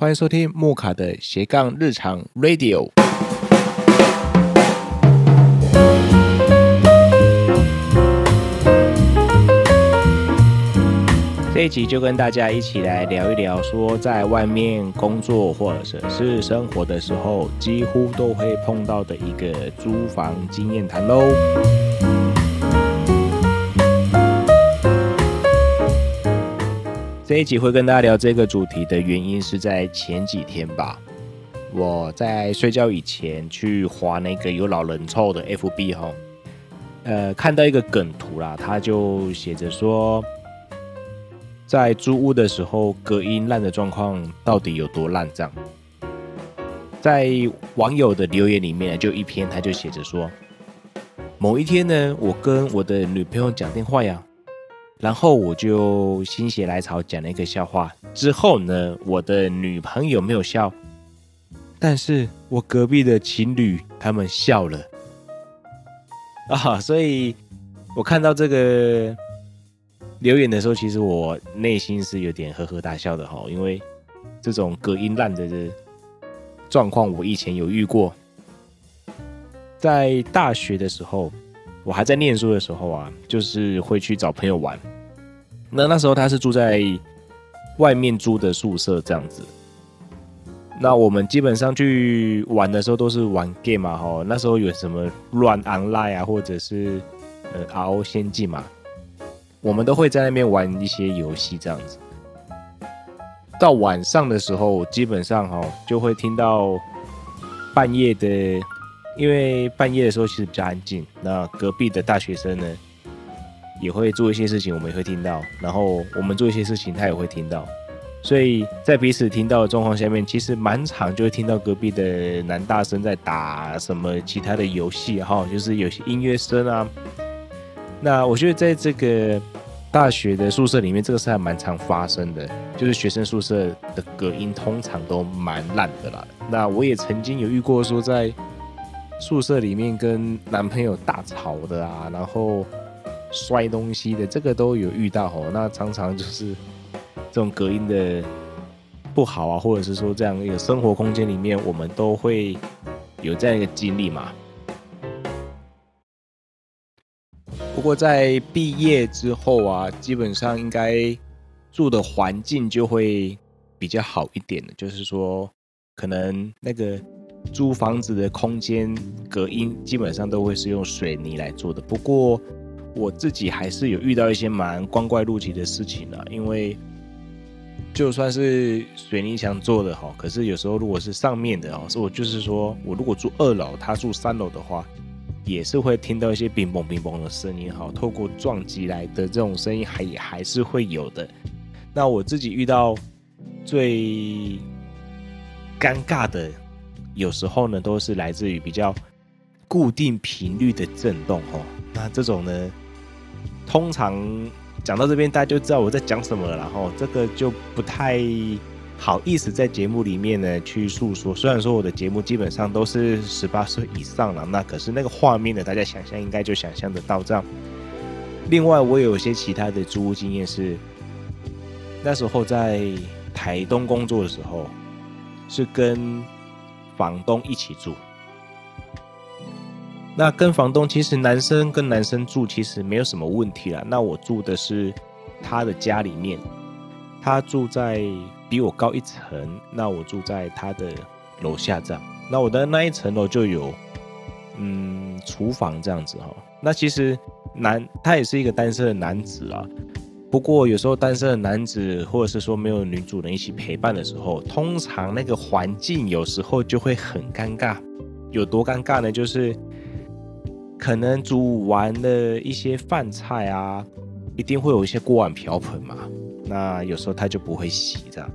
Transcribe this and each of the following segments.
歡迎收聽木卡的斜槓日常 Radio。這一集就跟大家一起來聊一聊，說在外面工作或者是生活的時候，幾乎都會碰到的一個租房經驗談嘍。這一集會跟大家聊這個主題的原因是在前幾天吧，我在睡覺以前去滑那個有老人臭的 FB 哈，呃，看到一個梗圖啦，他就寫着說，在租屋的時候隔音爛的狀況到底有多爛這樣，在網友的留言裡面就一篇，他就寫着說，某一天呢，我跟我的女朋友講電話呀。然後我就心血來潮講了一個笑話，之後呢，我的女朋友沒有笑，但是我隔壁的情侶他們笑了，啊、哦，所以我看到這個留言的時候，其實我內心是有點呵呵大笑的哈，因為這種隔音爛的的狀況，我以前有遇過，在大學的時候，我還在念書的時候啊，就是會去找朋友玩。那那時候他是住在外面租的宿舍這樣子，那我們基本上去玩的時候都是玩 game 嘛，哈，那時候有什麼亂 online 啊，或者是呃 RO 仙境嘛，我們都會在那邊玩一些遊戲這樣子。到晚上的時候，基本上哈、喔、就會聽到半夜的，因為半夜的時候其實比較安靜，那隔壁的大學生呢？也會做一些事情，我們也會聽到，然後我們做一些事情，他也會聽到，所以在彼此聽到的狀況下面，其實蠻常就會聽到隔壁的男大生在打什麼其他的遊戲哈，就是有些音樂聲啊。那我覺得在這個大學的宿舍裡面，這個事還蠻常發生的，就是學生宿舍的隔音通常都蠻爛的啦。那我也曾經有遇過說在宿舍裡面跟男朋友大吵的啊，然後。摔東西的這個都有遇到齁，那常常就是這種隔音的不好啊，或者是說這樣一個生活空間裡面，我們都會有這樣一個經歷嘛。不過在畢業之後啊，基本上應該住的環境就會比較好一點的，就是說可能那個租房子的空間隔音基本上都會是用水泥來做的，不過。我自己還是有遇到一些蠻光怪陸離的事情呢，因為就算是水泥牆做的好，可是有時候如果是上面的哦，所以我就是說，我如果住二樓，他住三樓的話，也是會聽到一些乒乓乒乓的聲音哈，透過撞擊來的這種聲音還，還也還是會有的。那我自己遇到最尷尬的，有時候呢，都是來自於比較固定頻率的震動哈。那這種呢，通常講到這邊，大家就知道我在講什麼了。然後這個就不太好意思在節目裡面呢去訴說。雖然說我的節目基本上都是十八歲以上了，那可是那個畫面呢，大家想象應該就想象得到這樣。另外，我有些其他的租屋經驗是，那時候在台東工作的時候，是跟房東一起住。那跟房東其實男生跟男生住其實沒有什麼問題啦。那我住的是他的家裡面，他住在比我高一層，那我住在他的樓下這樣。那我的那一層樓就有嗯廚房這樣子哈，哦。那其實男他也是一個單身的男子啊，不過有時候單身的男子或者是說沒有女主人一起陪伴的時候，通常那個環境有時候就會很尷尬。有多尷尬呢？就是。可能煮完的一些飯菜啊，一定會有一些鍋碗瓢盆嘛。那有時候他就不會洗這樣，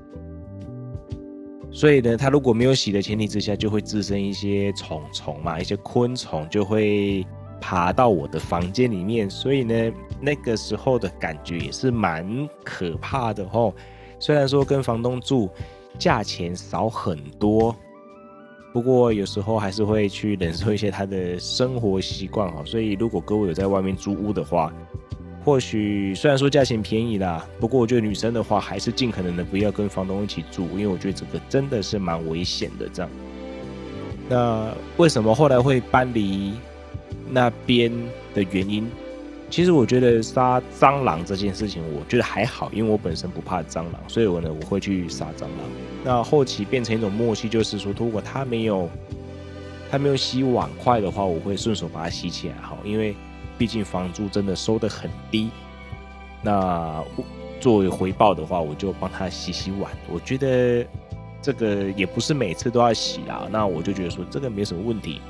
所以呢，他如果沒有洗的前提之下，就會滋生一些蟲蟲嘛，一些昆蟲就會爬到我的房間裡面。所以呢，那個時候的感覺也是蠻可怕的齁，雖然說跟房東住，價錢少很多。不過有時候還是會去忍受一些他的生活習慣哈，所以如果各位有在外面租屋的話，或許雖然說價錢便宜啦，不過我覺得女生的話還是盡可能的不要跟房東一起住，因為我覺得這個真的是蠻危險的這樣。那為什麼後來會搬離那邊的原因？其實我覺得殺蟑螂這件事情，我覺得還好，因為我本身不怕蟑螂，所以我呢，我會去殺蟑螂。那後期變成一種默契，就是說，如果他沒有他沒有洗碗筷的話，我會順手把它洗起來，好，因為畢竟房租真的收得很低。那作為回報的話，我就幫他洗洗碗。我覺得這個也不是每次都要洗啦。那我就覺得說這個沒什麼問題。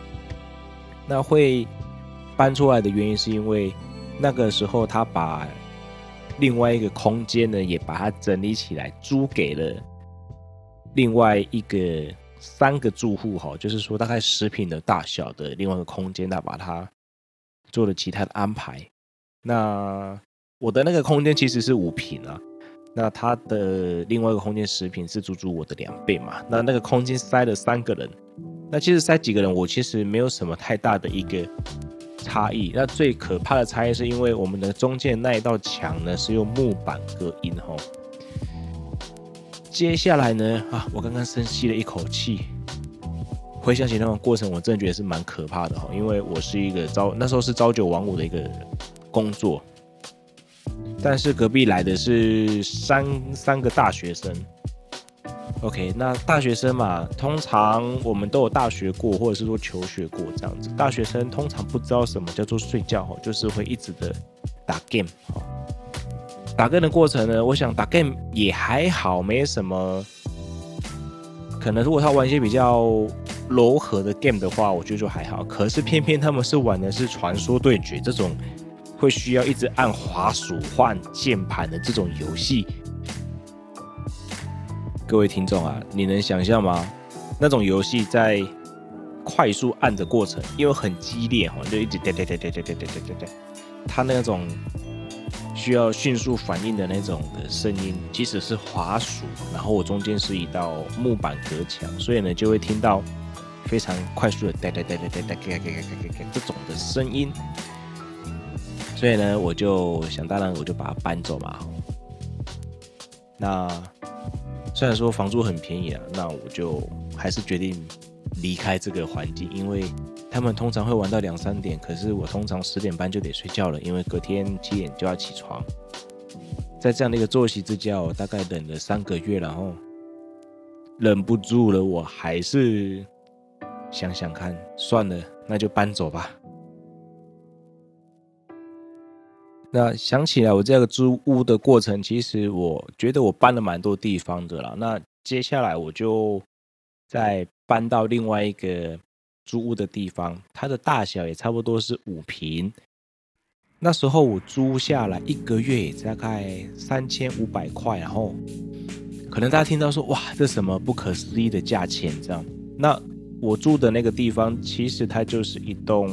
那會搬出來的原因是因為。那個時候，他把另外一個空間呢，也把它整理起來，租給了另外一個三個住戶齁。就是說，大概十坪的大小的另外一個空間，那把它做了其他的安排。那我的那個空間其實是五坪啊，那它的另外一個空間十坪是足足我的兩倍嘛。那那個空間塞了三個人，那其實塞幾個人，我其實沒有什麼太大的一個。差異，那最可怕的差異是因為我們的中間那一道牆呢，是用木板隔音吼。接下來呢啊，我剛剛深吸了一口氣，回想起那種過程，我真的覺得是蠻可怕的，因為我是一個朝那時候是朝九晚五的一個工作，但是隔壁來的是三三個大學生。OK，那大學生嘛，通常我們都有大學過，或者是說求學過這樣子。大學生通常不知道什麼叫做睡覺，就是會一直的打 game。打 game 的過程呢，我想打 game 也還好，沒什麼。可能如果他玩一些比較柔和的 game 的話，我覺得就還好。可是偏偏他們是玩的是傳說對決，這種會需要一直按滑鼠換鍵盤的這種遊戲。各位聽眾啊，你能想象嗎？那種遊戲在快速按的過程，因為很激烈齁，就一直噠噠噠噠噠噠噠噠噠，它那種需要迅速反應的那種的聲音，即使是滑鼠，然後我中間是一道木板隔牆，所以呢就會聽到非常快速的噠噠噠噠噠噠噠噠這種的聲音，所以呢我就想當然，我就把它搬走嘛。那。雖然說房租很便宜啊，那我就還是決定離開這個環境，因為他們通常會玩到兩三點，可是我通常十點半就得睡覺了，因為隔天七點就要起床。在這樣的一個作息之下，我大概等了三個月，然後忍不住了，我還是想想看，算了，那就搬走吧。那想起來我這個租屋的過程，其實我覺得我搬了蠻多地方的了。那接下來我就再搬到另外一個租屋的地方，它的大小也差不多是五坪。那時候我租下來一個月也大概三千五百塊，然後可能大家聽到說哇，這什麼不可思議的價錢這樣？那我住的那個地方其實它就是一棟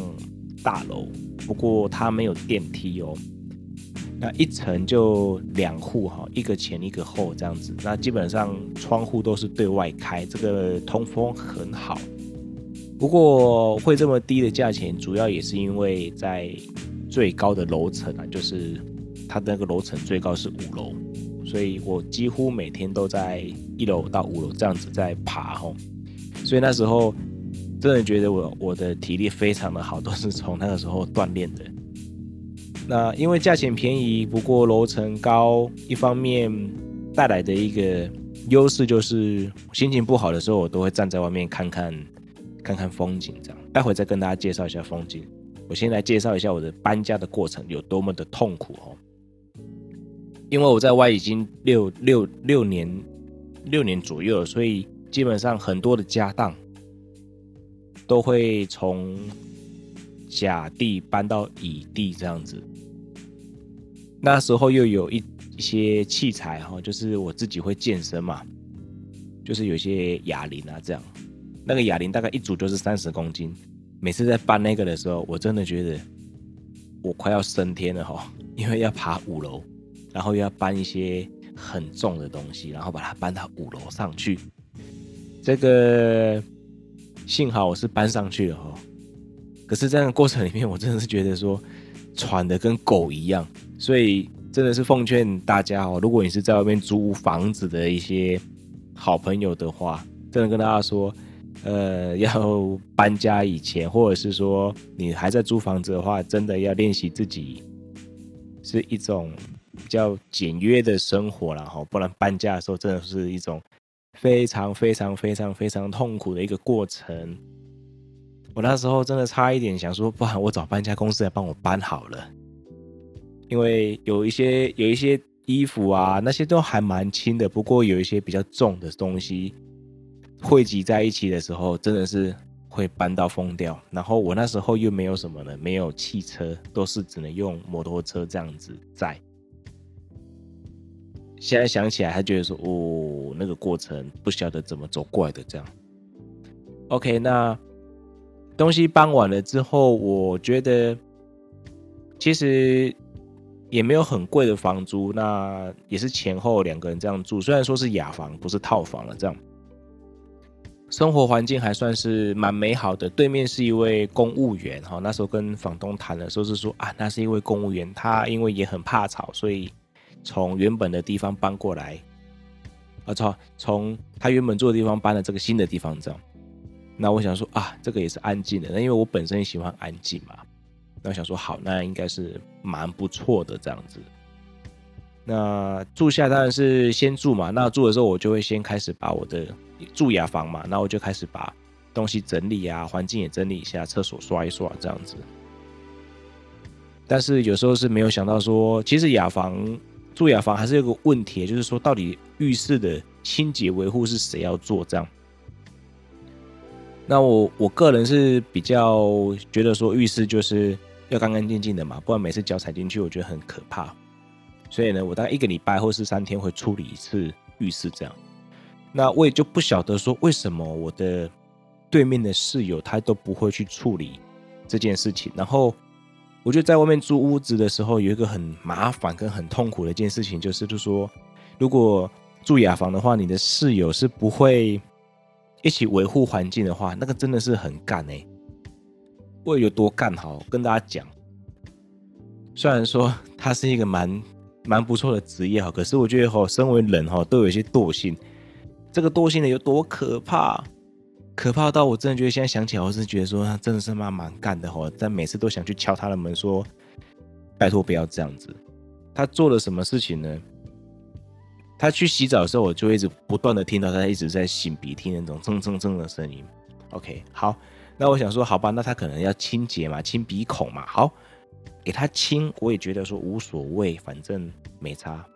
大樓，不過它沒有電梯哦。那一層就兩戶哈，一個前一個後這樣子。那基本上窗戶都是對外開，這個通風很好。不過會這麼低的價錢，主要也是因為在最高的樓層啊，就是它的那個樓層最高是五樓，所以我幾乎每天都在一樓到五樓這樣子在爬齁。所以那時候真的覺得我我的體力非常的好，都是從那個時候鍛鍊的。那因為價錢便宜，不過樓層高，一方面帶來的一個優勢就是，心情不好的時候我都會站在外面看看，看看風景這樣。待會再跟大家介紹一下風景。我先來介紹一下我的搬家的過程有多麼的痛苦哦。因為我在外已經六六六年六年左右了，所以基本上很多的家當都會從甲地搬到乙地這樣子。那時候又有一一些器材哈，就是我自己會健身嘛，就是有些啞鈴啊這樣，那個啞鈴大概一組就是三十公斤，每次在搬那個的時候，我真的覺得我快要升天了哈，因為要爬五樓，然後又要搬一些很重的東西，然後把它搬到五樓上去，這個幸好我是搬上去了哈，可是這樣的過程裡面，我真的是覺得說。喘得跟狗一樣，所以真的是奉勸大家哦，如果你是在外面租房子的一些好朋友的話，真的跟大家說，呃，要搬家以前，或者是說你還在租房子的話，真的要練習自己是一種比較簡約的生活了哈，不然搬家的時候真的是一種非常非常非常非常痛苦的一個過程。我那時候真的差一點想說，不然我找搬家公司來幫我搬好了。因為有一些有一些衣服啊，那些都還蠻輕的。不過有一些比較重的東西匯集在一起的時候，真的是會搬到瘋掉。然後我那時候又沒有什麼的，沒有汽車，都是只能用摩托車這樣子載。現在想起來還覺得說，哦，那個過程不曉得怎麼走過來的這樣。OK，那。東西搬完了之後，我覺得其實也沒有很貴的房租，那也是前後兩個人這樣住，雖然說是雅房，不是套房了，這樣生活環境還算是蠻美好的。對面是一位公務員哈，那時候跟房東談的時候是說啊，那是一位公務員，他因為也很怕吵，所以從原本的地方搬過來，啊，操，從他原本住的地方搬了這個新的地方這樣。那我想說啊，這個也是安靜的。那因為我本身也喜歡安靜嘛，那我想說好，那應該是蠻不錯的這樣子。那住下當然是先住嘛。那住的時候，我就會先開始把我的住雅房嘛。那我就開始把東西整理啊，環境也整理一下，廁所刷一刷這樣子。但是有時候是沒有想到說，其實雅房住雅房還是有個問題，就是說到底浴室的清潔維護是誰要做這樣。那我我個人是比較覺得說，浴室就是要乾乾淨淨的嘛，不然每次腳踩進去，我覺得很可怕。所以呢，我大概一個禮拜或是三天會處理一次浴室這樣。那我也就不曉得說，為什麼我的對面的室友他都不會去處理這件事情。然後我覺得在外面租屋子的時候，有一個很麻煩跟很痛苦的一件事情，就是就是說，如果住雅房的話，你的室友是不會。一起維護環境的話，那個真的是很乾誒、欸，會有多乾好，跟大家講，雖然說他是一個蠻蠻不錯的職業哈，可是我覺得哈，身為人哈，都有一些惰性。這個惰性的有多可怕？可怕到我真的覺得現在想起來，我是覺得說他、啊、真的是蠻蠻乾的哈。但每次都想去敲他的門說：“拜托不要這樣子。”他做了什麼事情呢？他去洗澡的時候，我就一直不斷的聽到他一直在擤鼻涕那種蹭蹭蹭的聲音。OK，好，那我想說，好吧，那他可能要清潔嘛，清鼻孔嘛。好，給、欸、他清，我也覺得說無所謂，反正沒差。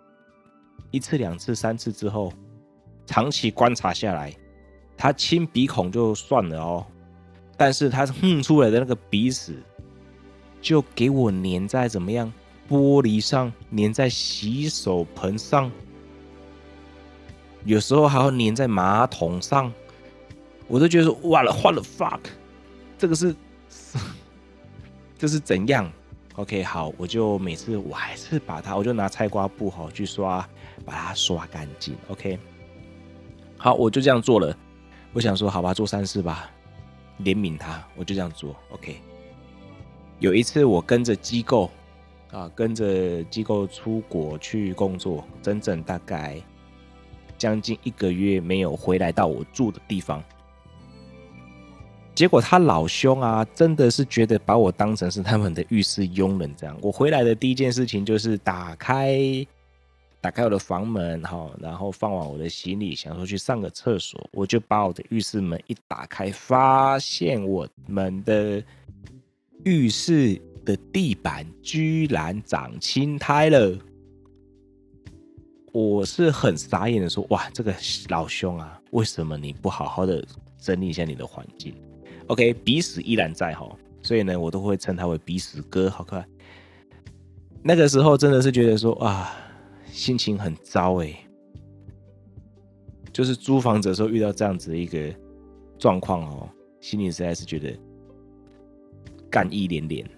一次、兩次、三次之後，長期觀察下來，他清鼻孔就算了哦、喔，但是他哼出來的那個鼻屎，就給我粘在怎麼樣？玻璃上，粘在洗手盆上。有時候還要粘在馬桶上，我都覺得說，what the, what the fuck，這個是，這是怎樣？OK，好，我就每次我還是把它，我就拿菜瓜布好去刷，把它刷乾淨。OK，好，我就這樣做了。我想說，好吧，做三次吧，憐憫它，我就這樣做。OK，有一次我跟着機構啊，跟着機構出國去工作，整整大概。將近一個月沒有回來到我住的地方，結果他老兄啊，真的是覺得把我當成是他們的浴室傭人這樣。我回來的第一件事情就是打開打開我的房門，好，然後放完我的行李，想說去上個廁所，我就把我的浴室門一打開，發現我們的浴室的地板居然長青苔了。我是很傻眼的說，哇，這個老兄啊，為什麼你不好好的整理一下你的環境？OK，鼻屎依然在吼，所以呢，我都會稱他為鼻屎哥，好可愛。那個時候真的是覺得說，啊，心情很糟哎、欸，就是租房子的時候遇到這樣子的一個狀況哦，心裡實在是覺得幹一點點。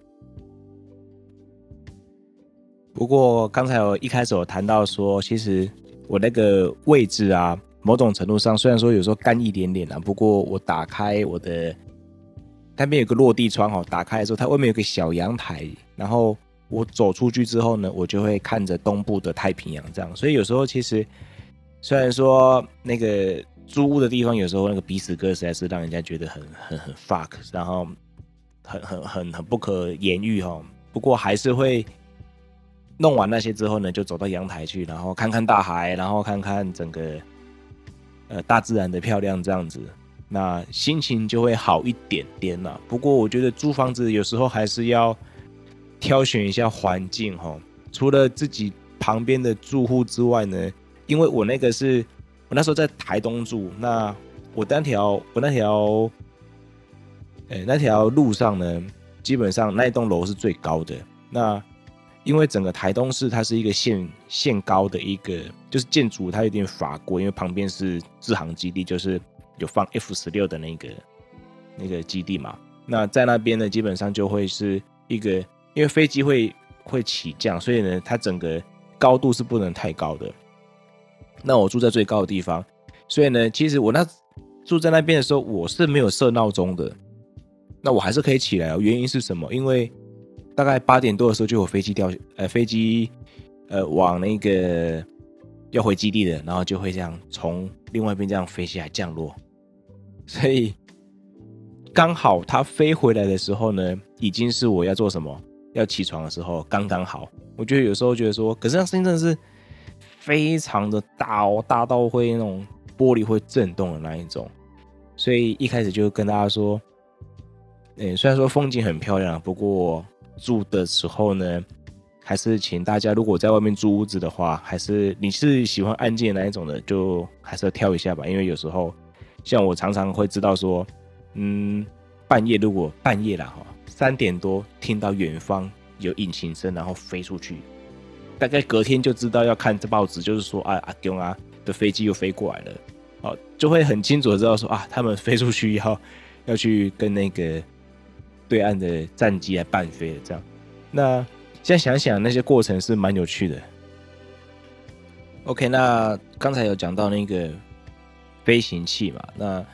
不過剛才我一開始有談到說，其實我那個位置啊，某種程度上雖然說有時候幹一點點啊，不過我打開我的那邊有個落地窗哦，打開的時候它外面有個小陽台，然後我走出去之後呢，我就會看着東部的太平洋這樣。所以有時候其實雖然說那個租屋的地方有時候那個鼻屎哥實在是讓人家覺得很很很 fuck，然後很很很很不可言喻哦。不過還是會。弄完那些之後呢，就走到陽台去，然後看看大海，然後看看整個，呃，大自然的漂亮這樣子，那心情就會好一點點啦。不過我覺得租房子有時候還是要挑選一下環境齁，除了自己旁邊的住戶之外呢，因為我那個是我那時候在台東住，那我單條我那條、欸，那條路上呢，基本上那一棟樓是最高的那。因為整個台東市它是一個限限高的一個，就是建築它有點法國，因為旁邊是志航基地，就是有放 F 十六的那個那個基地嘛。那在那邊呢，基本上就會是一個，因為飛機會會起降，所以呢，它整個高度是不能太高的。那我住在最高的地方，所以呢，其實我那住在那邊的時候，我是沒有設鬧鐘的。那我還是可以起來啊，原因是什麼？因為。大概八點多的時候就有飛機掉，呃，飛機，呃，往那個要回基地的，然後就會這樣從另外一邊這樣飛下來降落，所以剛好它飛回來的時候呢，已經是我要做什麼要起床的時候，剛剛好。我覺得有時候覺得說，可是那聲音真的是非常的大哦，大到會那種玻璃會震動的那一種，所以一開始就跟大家說，嗯、欸，雖然說風景很漂亮，不過。住的時候呢，還是請大家，如果在外面租屋子的話，還是你是喜歡安靜那一種的，就還是要挑一下吧。因為有時候，像我常常會知道說，嗯，半夜如果半夜啦，三點多聽到遠方有引擎聲，然後飛出去，大概隔天就知道要看這報紙，就是說啊阿共啊的飛機又飛過來了，就會很清楚的知道說啊，他們飛出去要要去跟那個。對岸的戰機來伴飛的這樣，那現在想想那些過程是蠻有趣的。OK，那剛才有講到那個飛行器嘛。那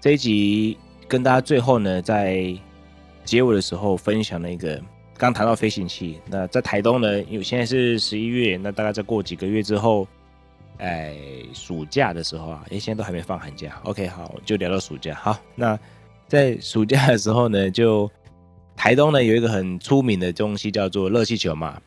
這一集跟大家最後呢，在結尾的時候分享了一個剛談到飛行器。那在台東呢，因為現在是十一月，那大概再過幾個月之後，哎，暑假的時候啊，哎，現在都還沒放寒假。OK，好，就聊到暑假。好，那。在暑假的時候呢，就台東呢有一個很出名的東西叫做熱氣球嘛。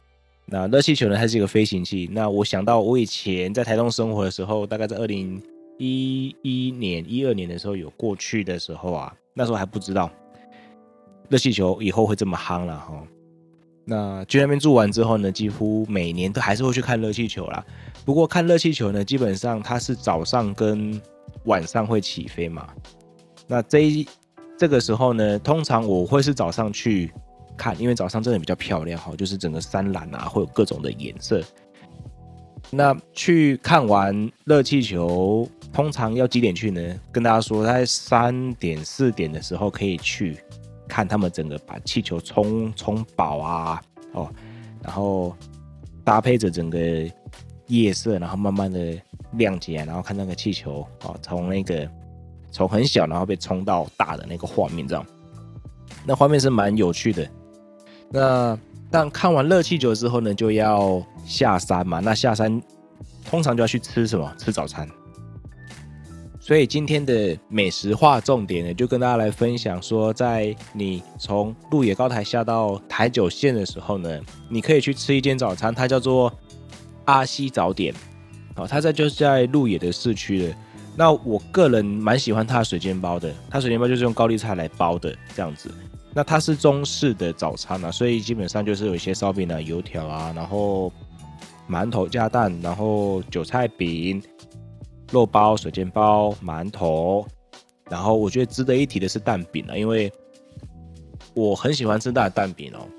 那熱氣球呢，它是一個飛行器。那我想到我以前在台東生活的時候，大概在二零一一年、一二年的時候有過去的時候啊，那時候還不知道熱氣球以後會這麼夯了哈。那去那邊住完之後呢，幾乎每年都還是會去看熱氣球啦。不過看熱氣球呢，基本上它是早上跟晚上會起飛嘛。那這一。這個時候呢，通常我會是早上去看，因為早上真的比較漂亮哈，就是整個山嵐啊，會有各種的顏色。那去看完熱氣球，通常要幾點去呢？跟大家說，在三點四點的時候可以去看他們整個把氣球充充飽啊，哦，然後搭配着整個夜色，然後慢慢的亮起來，然後看那個氣球哦，從那個。從很小，然後被衝到大的那個畫面，這樣，那畫面是蠻有趣的。那但看完熱氣球之後呢，就要下山嘛。那下山通常就要去吃什麼？吃早餐。所以今天的美食畫重點呢，就跟大家來分享說，在你從鹿野高台下到台九線的時候呢，你可以去吃一間早餐，它叫做阿西早點。好，它在就是在鹿野的市區的。那我個人蠻喜歡它的水煎包的，它水煎包就是用高麗菜來包的這樣子。那它是中式的早餐啊，所以基本上就是有一些燒餅啊、油條啊，然後饅頭加蛋，然後韭菜餅、肉包、水煎包、饅頭，然後我覺得值得一提的是蛋餅啊，因為我很喜歡吃它的蛋餅哦、喔。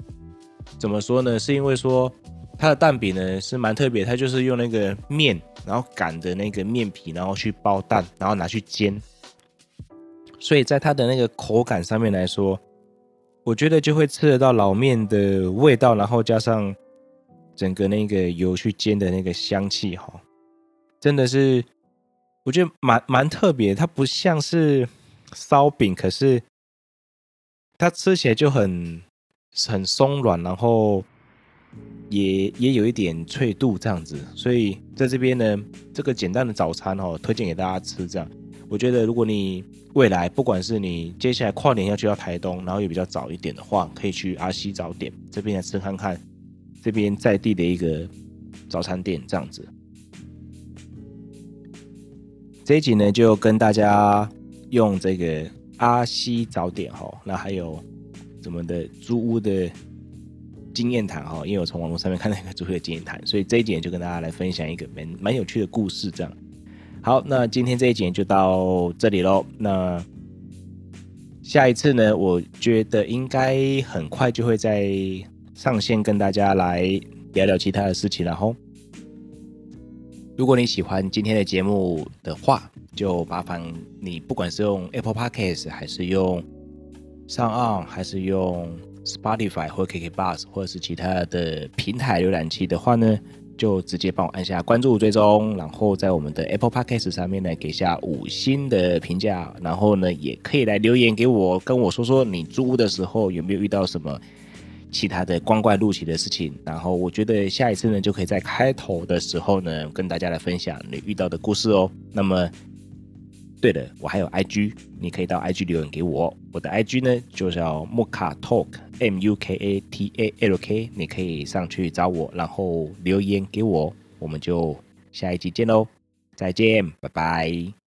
怎麼說呢？是因為說它的蛋餅呢是蠻特別，它就是用那個麵。然後擀着那個面皮，然後去包蛋，然後拿去煎。所以在它的那個口感上面來說，我覺得就會吃得到老面的味道，然後加上整個那個油去煎的那個香氣哈，真的是我覺得蠻蠻特別。它不像是燒餅，可是它吃起來就很很鬆軟，然後。也也有一點脆度這樣子，所以在這邊呢，這個簡單的早餐哦，推薦給大家吃這樣。我覺得如果你未來不管是你接下來跨年要去到台東，然後也比較早一點的話，可以去阿西早點這邊來吃看看，這邊在地的一個早餐店這樣子。這一集呢，就跟大家用這個阿西早點哈，那還有什麼的租屋的經驗談哈，因為我從網絡上面看到一個足會的經驗談，所以這一集就跟大家來分享一個蠻蠻有趣的故事，這樣，好，那今天這一集就到這裡嘍。那下一次呢，我覺得應該很快就會再上線，跟大家來聊聊其他的事情了哈。如果你喜歡今天的節目的話，就麻煩你不管是用 Apple Podcast 還是用 SoundOn 還是用。Spotify 或 KKBOX 或者是其他的平台瀏覽器的話呢，就直接幫我按下關注追蹤，然後在我們的 Apple Podcast 上面呢給下五星的評價，然後呢也可以來留言給我，跟我說說你租屋的時候有沒有遇到什麼其他的光怪陸奇的事情，然後我覺得下一次呢就可以在開頭的時候呢跟大家來分享你遇到的故事哦。那麼。對了，我還有 IG，你可以到 IG 留言給我。我的 IG 呢，就叫 Mukatalk，M U K A T A L K，你可以上去找我，然後留言給我。我們就下一集見嘍，再見，拜拜。